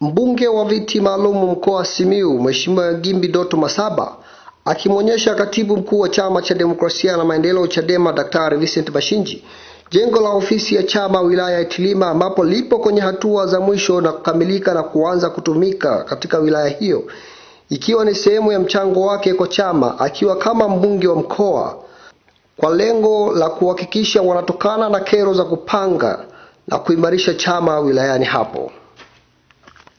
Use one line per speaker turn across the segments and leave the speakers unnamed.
Mbunge wa viti maalum mkoa wa Simiu, Mheshimiwa Gimbi Doto Masaba akimwonyesha katibu mkuu wa chama cha demokrasia na maendeleo Chadema Daktari Vincent Bashinji jengo la ofisi ya chama wilaya ya Itilima ambapo lipo kwenye hatua za mwisho na kukamilika na kuanza kutumika katika wilaya hiyo, ikiwa ni sehemu ya mchango wake kwa chama akiwa kama mbunge wa mkoa kwa lengo la kuhakikisha wanatokana na kero za kupanga na kuimarisha chama wilayani hapo.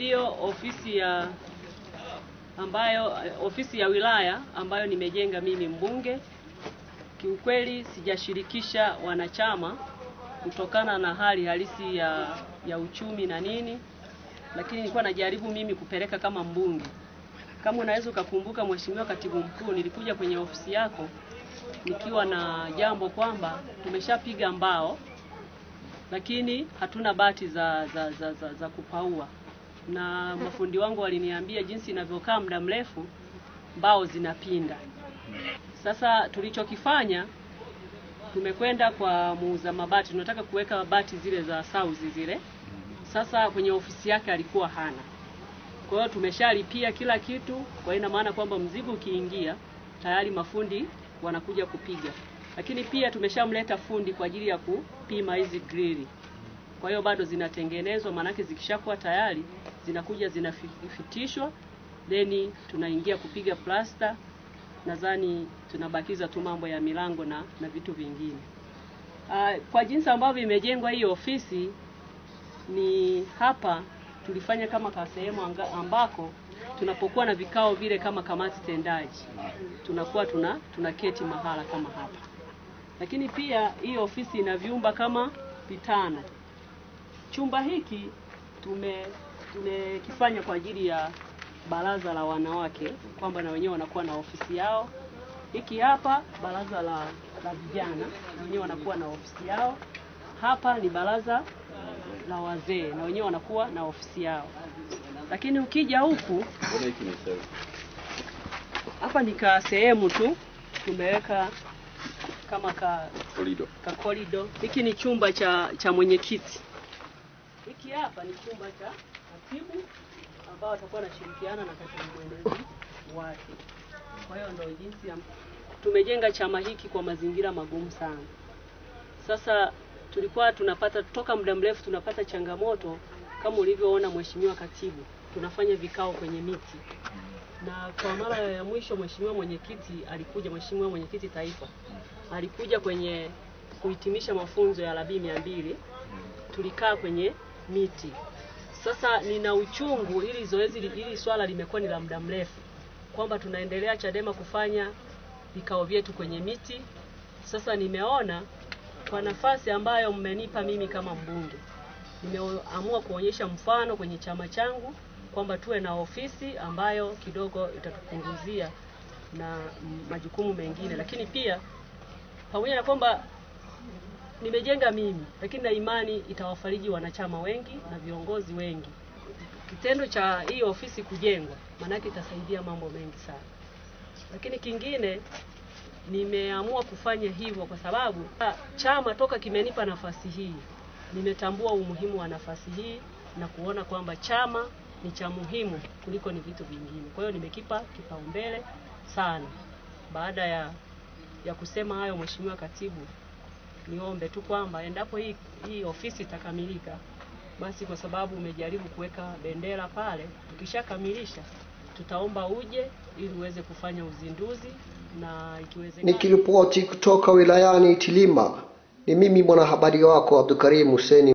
ndio ofisi ya ambayo ofisi ya wilaya ambayo nimejenga mimi mbunge. Kiukweli sijashirikisha wanachama kutokana na hali halisi ya, ya uchumi na nini, lakini nilikuwa najaribu mimi kupeleka kama mbunge. Kama unaweza ukakumbuka, Mheshimiwa Katibu Mkuu, nilikuja kwenye ofisi yako nikiwa na jambo kwamba tumeshapiga mbao lakini hatuna bati za, za, za, za, za kupaua na mafundi wangu waliniambia jinsi inavyokaa muda mrefu mbao zinapinda. Sasa tulichokifanya tumekwenda kwa muuza mabati, tunataka kuweka bati zile za sauzi zile. Sasa kwenye ofisi yake alikuwa hana, kwa hiyo tumeshalipia kila kitu, kwa ina maana kwamba mzigo ukiingia tayari mafundi wanakuja kupiga, lakini pia tumeshamleta fundi kwa ajili ya kupima hizi grili. Kwa hiyo bado zinatengenezwa, maanake zikishakuwa tayari zinakuja zinafitishwa, then tunaingia kupiga plasta. Nadhani tunabakiza tu mambo ya milango na, na vitu vingine. Uh, kwa jinsi ambavyo imejengwa hii ofisi ni hapa tulifanya kama ka sehemu ambako tunapokuwa na vikao vile kama kamati tendaji tunakuwa tuna tunaketi mahala kama hapa, lakini pia hii ofisi ina vyumba kama vitano. Chumba hiki tume tumekifanya kwa ajili ya baraza la wanawake kwamba na wenyewe wanakuwa na ofisi yao. Hiki hapa baraza la, la vijana wenyewe wanakuwa na ofisi yao. Hapa ni baraza la wazee na wenyewe wanakuwa na ofisi yao. Lakini ukija huku hapa ni ka sehemu tu tumeweka kama ka korido. Ka korido. Hiki ni chumba cha, cha mwenyekiti hiki hapa ni chumba cha katibu ambao atakuwa anashirikiana na katibu mwenezi wake. Kwa hiyo ndio jinsi ya tumejenga chama hiki kwa mazingira magumu sana. Sasa tulikuwa tunapata toka muda mrefu tunapata changamoto kama ulivyoona mheshimiwa katibu, tunafanya vikao kwenye miti na kwa mara ya mwisho mheshimiwa mwenyekiti alikuja, mheshimiwa mwenyekiti taifa alikuja kwenye kuhitimisha mafunzo ya Labii mia mbili, tulikaa kwenye miti. Sasa nina uchungu, ili zoezi ili swala limekuwa ni la muda mrefu, kwamba tunaendelea Chadema kufanya vikao vyetu kwenye miti. Sasa nimeona kwa nafasi ambayo mmenipa mimi kama mbunge, nimeamua kuonyesha mfano kwenye chama changu kwamba tuwe na ofisi ambayo kidogo itatupunguzia na majukumu mengine, lakini pia pamoja na kwamba nimejenga mimi, lakini na imani itawafariji wanachama wengi na viongozi wengi. Kitendo cha hii ofisi kujengwa, maanake itasaidia mambo mengi sana. Lakini kingine nimeamua kufanya hivyo kwa sababu chama toka kimenipa nafasi hii, nimetambua umuhimu wa nafasi hii na kuona kwamba chama ni cha muhimu kuliko ni vitu vingine. Kwa hiyo nimekipa kipaumbele sana. Baada ya ya kusema hayo, Mheshimiwa Katibu, niombe tu kwamba endapo hii, hii ofisi itakamilika, basi kwa sababu umejaribu kuweka bendera pale, tukishakamilisha tutaomba uje ili uweze kufanya uzinduzi na ikiwezekana.
Nikiripoti kutoka wilayani Itilima, ni mimi mwanahabari wako Abdulkarim Huseni.